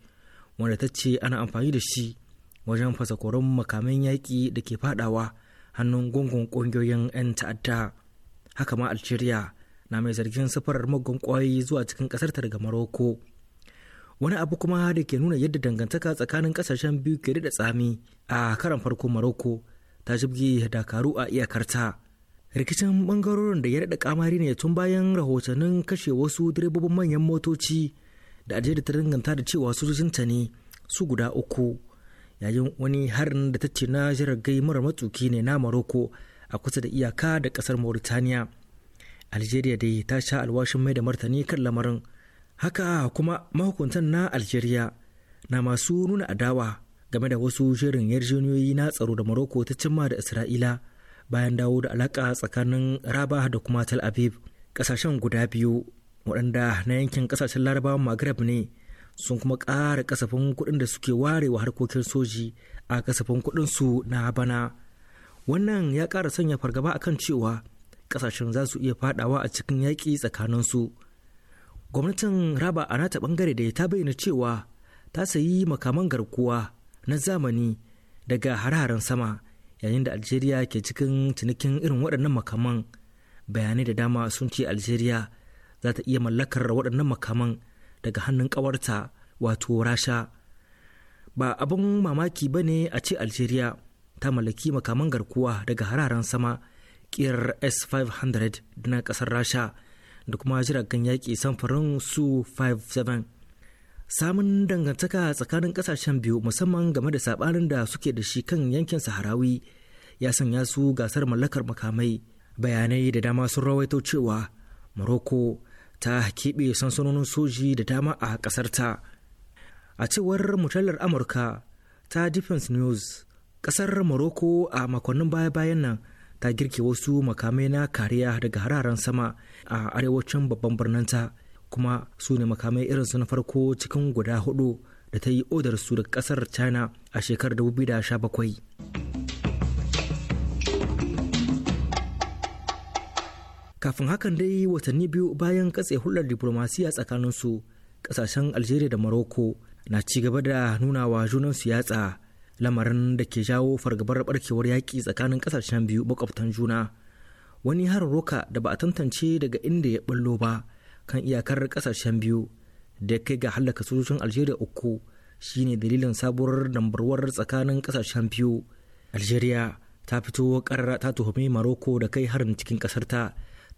wanda ta ce ana amfani da shi wajen koron makaman yaƙi da ke faɗawa. hannun gungun ƙungiyoyin 'yan ta'adda haka ma algeria na mai zargin safarar mugun ƙwayoyi zuwa cikin ƙasar ta daga maroko wani abu kuma da ke nuna yadda dangantaka tsakanin ƙasashen biyu ke da tsami a karan farko maroko ta jibge dakaru a iyakarta rikicin bangarorin da ya daɗa kamari ne tun bayan rahotannin kashe wasu direbobin manyan motoci da ajiyar ta danganta da cewa ta ne su guda uku yayin wani harin da ta ce na jiragai mara matsuki ne na maroko a kusa da iyaka da kasar mauritaniya Algeria dai ta sha alwashin mai da martani kan lamarin. Haka kuma mahukuntan na Algeria na masu nuna adawa game da wasu shirin yarjejeniyoyi na tsaro da maroko ta cimma da Isra'ila bayan dawo da alaka tsakanin Rabah da kuma Tel Aviv. Kasashen guda biyu waɗanda na yankin kasashen larabawan Maghreb ne sun kuma ƙara kasafin kuɗin da suke warewa harkokin soji a kasafin kuɗinsu na bana wannan ya ƙara sanya fargaba akan cewa ƙasashen za su iya fadawa a cikin yaƙi tsakanin su? gwamnatin raba a nata bangare da ta bayyana cewa ta sayi makaman garkuwa na zamani daga hararen sama yayin da algeria ke cikin cinikin irin waɗannan makaman bayanai da dama sun ce algeria za ta iya mallakar waɗannan makaman daga hannun kawarta wato rasha ba abin mamaki ba ne a ce algeria ta mallaki makaman garkuwa daga hararen sama kirar s-500 na kasar rasha da kuma jiragen yaƙi samfurin su-57 samun dangantaka tsakanin kasashen biyu musamman game da saɓanin da suke da shi kan yankin saharawi ya sanya su gasar mallakar makamai bayanai da dama sun rawaito cewa morocco ta keɓe sansanonin soji da dama a ta a cewar mutallar amurka ta defense news ƙasar morocco a makonnin baya-bayan nan ta girke wasu makamai na kariya daga hararen sama a arewacin babban birnin ta kuma su ne makamai irin su na farko cikin guda hudu da ta yi odar su daga kasar china a shekarar 2017 kafin hakan dai watanni biyu bayan katse hulɗar diplomasiya tsakanin su kasashen algeria da morocco na ci gaba da nuna wa junansu yatsa lamarin da ke jawo fargabar barkewar yaƙi tsakanin kasashen biyu makwabtan juna wani harin roka da ba a tantance daga inda ya ballo ba kan iyakar kasashen biyu da kai ga hallaka sojojin algeria uku shine dalilin sabuwar dambarwar tsakanin kasashen biyu algeria ta fito karara ta tuhumi morocco da kai harin cikin ƙasarta ta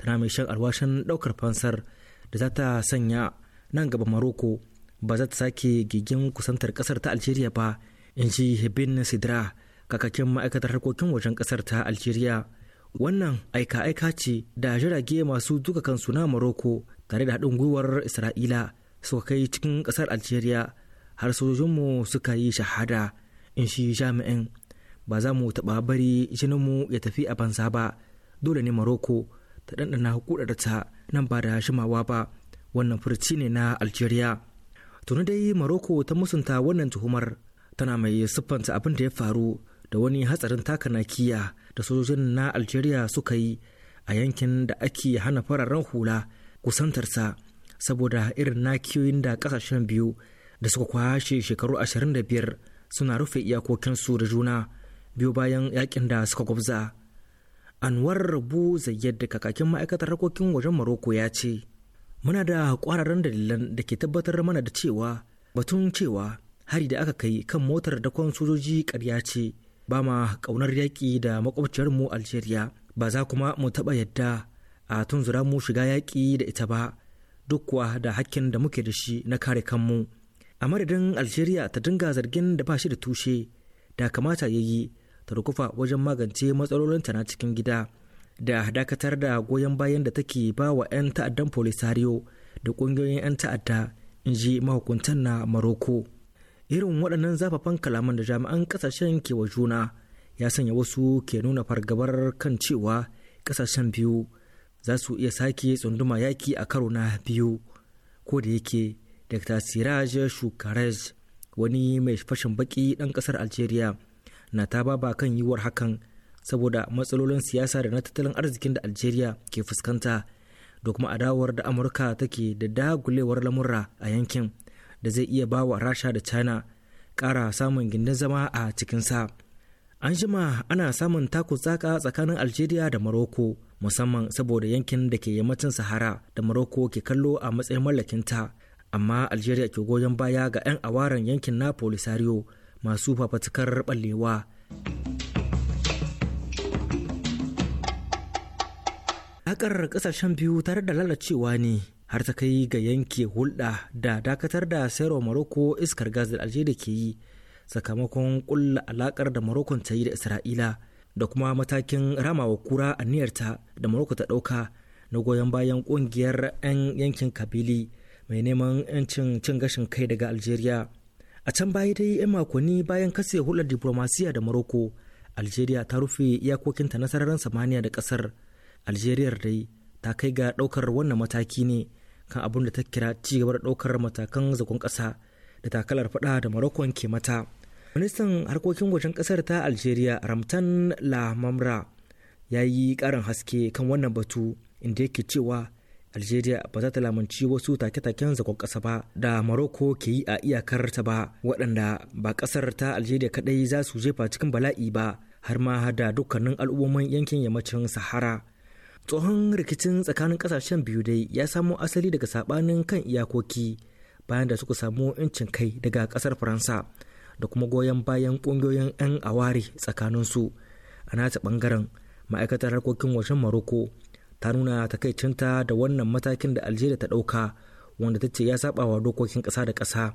tana mai shan alwashin daukar fansar da za ta sanya nan gaba maroko ba za ta sake gigin kusantar kasar ta algeria ba in ji hibin sidra kakakin ma'aikatar harkokin wajen kasar ta algeria wannan aika-aika ce da jirage masu duka kansu na maroko tare da haɗin gwiwar isra'ila suka kai cikin kasar algeria har sojojinmu suka yi shahada in shi jami'in ba za mu taɓa bari jininmu ya tafi a banza ba dole ne maroko ta ɗanɗana ta nan ba da shimawa ba wannan furci ne na algeria tuni dai maroko ta musunta wannan tuhumar tana mai siffanta abin da ya faru da wani hatsarin takanakiya da sojojin na algeria suka yi a yankin da ake hana fararen hula kusantarsa saboda irin nakiyoyin da kasashen biyu da suka kwashe shekaru ashirin da biyar suna rufe iyakokinsu da juna biyu bayan yakin da suka gwabza anwar rabu zayyad da kakakin ma'aikatar harkokin wajen maroko ya ce muna da kwararan dalilan da ke tabbatar mana da cewa batun cewa hari da aka kai kan motar dakon sojoji karya ce ba ma ƙaunar yaƙi da makwabciyarmu algeria ba za kuma mu taɓa yadda a tunzura mu shiga yaƙi da ita ba duk kuwa da hakkin da muke da shi na kare kanmu a madadin algeria ta dinga zargin da ba shi da tushe da kamata ya yi ta rukufa wajen magance matsalolinta na cikin gida da dakatar da goyon bayan da take ba wa 'yan ta'addan polisario da ƙungiyoyin 'yan ta'adda in ji mahukuntan na maroko irin waɗannan zafafan kalaman da jami'an ƙasashen ke wa juna ya sanya wasu ke nuna fargabar kan cewa ƙasashen biyu za su iya sake tsunduma yaki a karo na biyu ko da yake dr siraj shukarez wani mai fashin baki ɗan ƙasar algeria na ta baba kan yiwuwar hakan saboda matsalolin siyasa da na tattalin arzikin da algeria ke fuskanta da kuma adawar da amurka take da dagulewar lamurra a yankin da zai iya ba wa rasha da china kara samun gindin zama a cikinsa an jima ana samun taku tsaka tsakanin algeria da maroko musamman saboda yankin da ke yammacin sahara da maroko ke kallo a matsayin mallakinta amma algeria ke goyon baya ga 'yan awaren yankin na polisario masu fafatukar ɓallewa. Haƙar ƙasashen biyu tare da lalacewa ne har ta kai ga yanke hulɗa da dakatar da sayarwa Morocco iskar gas da Algeria ke yi sakamakon ƙulla alaƙar da Morocco ta yi da Isra'ila da kuma matakin ramawa kura a niyarta da Morocco ta ɗauka na goyon bayan ƙungiyar 'yan yankin Kabili mai neman 'yancin cin gashin kai daga Algeria. a can baya dai 'yan makonni bayan kase hular diplomasiya da maroko algeria ta rufe iyakokinta na sararin samaniya da kasar algeria dai ta kai ga ɗaukar wannan mataki ne kan abin da ta kira ci gaba da ɗaukar matakan zagon kasa da takalar faɗa da morocco ke mata ministan harkokin wajen ƙasar ta algeria ramtan la mamra ya yi ƙarin haske kan wannan batu inda yake cewa algeria ba za ta lamunci wasu take-taken zakon ƙasa ba da morocco ke yi a iyakar ta ba waɗanda ba ƙasar ta algeria kaɗai za su jefa cikin bala'i ba har ma da dukkanin al'ummomin yankin yammacin sahara tsohon rikicin tsakanin ƙasashen biyu dai ya samo asali daga saɓanin kan iyakoki bayan da suka samu incin kai daga ƙasar faransa da kuma goyon bayan ƙungiyoyin 'yan tsakanin su a nata ɓangaren ma'aikatar harkokin wajen morocco. ta nuna takaicinta da wannan matakin da algeria ta ɗauka wanda ta ce ya saba wa dokokin ƙasa da ƙasa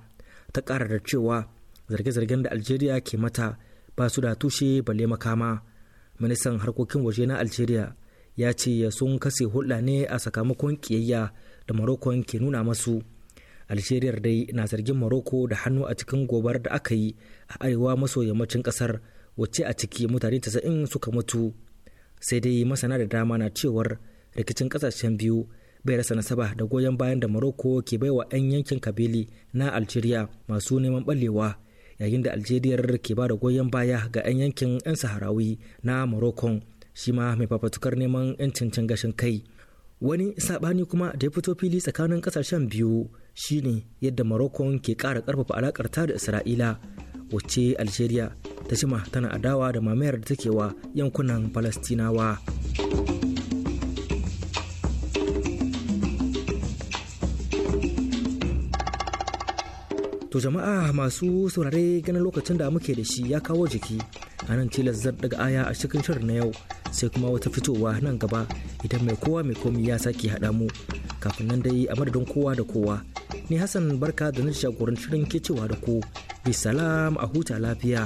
ta ƙara da cewa zarge-zargen da algeria ke mata ba su da tushe balle makama ministan harkokin waje na algeria ya ce ya sun kase hulɗa ne a sakamakon ƙiyayya da morocco ke nuna masu algeria dai na zargin morocco da hannu a cikin gobar da aka yi a arewa maso yammacin ƙasar wacce a ciki mutane 90 suka mutu sai dai masana da dama na cewar rikicin kasashen biyu bai rasa nasaba da goyon bayan da morocco ke baiwa 'yan yankin kabili na algeria masu neman ɓallewa yayin da algeria ke ba da goyon baya ga 'yan yankin 'yan saharawi na morocco shi ma mai fafatukar neman 'yancin cin gashin kai wani sabani kuma da ya fito fili tsakanin kasashen biyu shine yadda morocco ke ƙara ƙarfafa alakar ta da isra'ila wacce algeria ta shima tana adawa da mamayar da take wa yankunan palestinawa. To jama'a masu saurare ganin lokacin da muke da shi ya kawo jiki a nan tilas daga aya a cikin shirin na yau sai kuma wata fitowa nan gaba idan mai kowa mai komi ya sake haɗa mu kafin nan dai a madadin kowa da kowa ni Hassan barka da na jagorancin shirin ke cewa da ku bisalam a huta lafiya.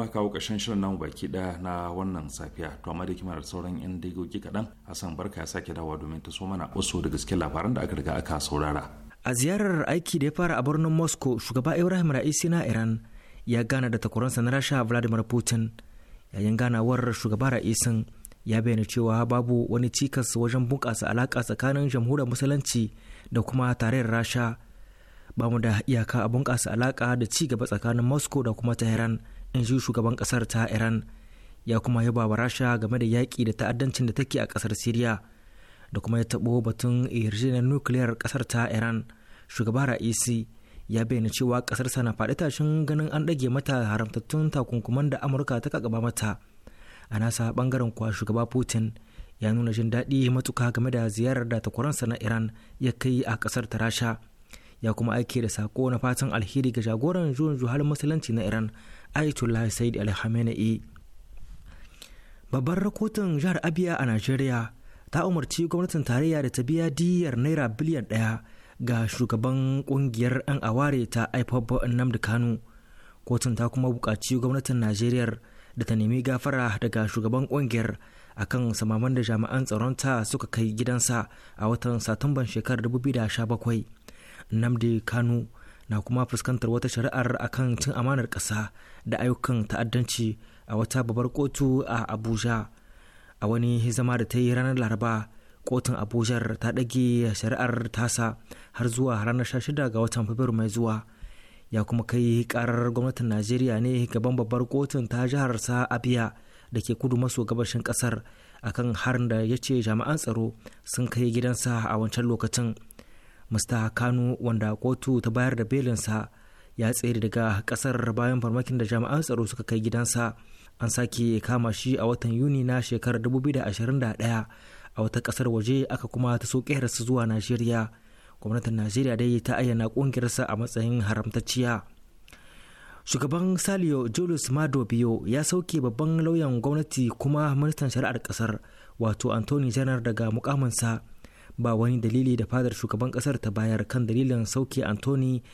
kuma kawo ƙarshen shirin nan baki ɗaya na wannan safiya to amma da kimar sauran yan daigoki kaɗan hassan barka ya sake dawowa domin ta so mana wasu da gaske labaran da aka riga aka saurara a ziyarar aiki da ya fara a birnin moscow shugaba ibrahim ra'isi na iran ya gana da takwaransa na rasha vladimir putin yayin ganawar shugaba ra'isin ya bayyana cewa babu wani cikas wajen bunƙasa alaƙa tsakanin jamhuriyar musulunci da kuma tarayyar rasha ba mu da iyaka a bunƙasa alaƙa da ci gaba tsakanin moscow da kuma tehran in ji shugaban kasar ta iran ya kuma yaba wa rasha game da yaƙi da ta'addancin da take a kasar siriya da kuma ya taɓo batun yarjejeniyar nukiliyar kasar ta iran shugaba ra'isi ya bayyana cewa kasar na faɗi tashin ganin an ɗage mata haramtattun takunkuman da amurka ta gaba mata a nasa bangaren kuwa shugaba putin ya nuna jin daɗi matuka game da ziyarar da takwaransa na iran ya kai a kasar ta rasha ya kuma aike da sako na fatan alheri ga jagoran juyin juhar musulunci na iran ayatollah said al khamenei babbar rakotun jihar abia a nigeria ta umarci gwamnatin tarayya da ta biya diyar naira biliyan daya ga shugaban kungiyar 'yan aware ta ipob nnamdi kanu kotun ta kuma bukaci gwamnatin nigeria da ta nemi gafara daga shugaban kungiyar akan samaman da jami'an tsaron ta suka kai gidansa a watan satumban shekarar 2017 namdi kanu na kuma fuskantar wata shari'ar akan cin amanar ƙasa da ayyukan ta'addanci a wata babbar kotu a abuja a wani zama da ta yi ranar laraba kotun abuja ta ɗage shari'ar tasa har zuwa ranar 16 ga watan fabrairu mai zuwa ya kuma kai karar gwamnatin najeriya ne gaban babbar kotun ta jihar sa abiya da ke kudu maso gabashin kasar akan harin da ya ce jami'an tsaro sun kai gidansa a wancan lokacin mista kano wanda kotu ta bayar da belinsa ya tsere daga kasar bayan farmakin da jami'an tsaro suka kai gidansa an sake kama shi a watan yuni na shekarar 2021 a wata kasar waje aka kuma ta so su zuwa najeriya gwamnatin najeriya dai ta ayyana kungiyarsa a matsayin haramtacciya shugaban salio julius mado ya sauke babban lauyan gwamnati kuma ministan shari'ar kasar wato anthony janar daga mukaminsa ba wani dalili da fadar shugaban kasar ta bayar kan dalilin sauke antoni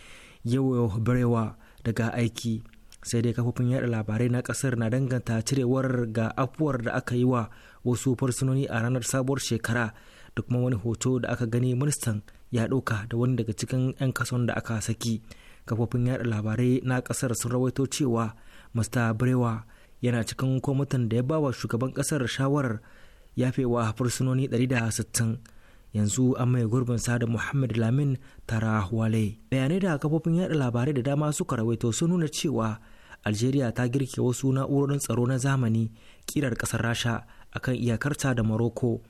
yawo barewa daga aiki sai dai kafofin yada labarai na kasar na danganta cirewar ga afuwar da aka yi wa wasu fursunoni a ranar sabuwar shekara da kuma wani hoto da aka gani ministan ya ɗauka da wani daga cikin 'yan kason da aka saki kafofin yada labarai na kasar sun rawaito cewa mr brewa yana cikin kwamitin da ya bawa shugaban kasar shawarar yafewa fursunoni 160 yanzu an mai gurbin sada muhammad lamin tarahwale bayanai da kafofin yada labarai da dama suka rawaito sun nuna cewa algeria ta girke wasu na'urorin tsaro na zamani kirar kasar rasha akan iyakarta da morocco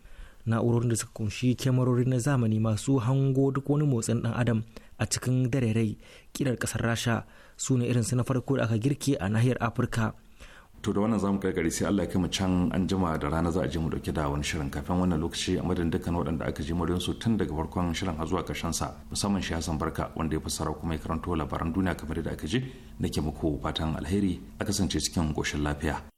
na'urorin da suka kunshi kyamarori na zamani masu hango duk wani motsin dan adam a cikin dare rai kirar kasar rasha su ne irinsu na farko da aka girke a nahiyar afirka to da wannan zamu karkare sai Allah ya mu can an jima da rana za a je mu dauke da wani shirin kafin wannan lokaci a madadin dukkan waɗanda aka ji murin su tun daga farkon shirin har zuwa karshen sa musamman shi Hassan Barka wanda ya fassara kuma ya karanto labaran duniya kamar da aka ji nake muku fatan alheri a kasance cikin koshin lafiya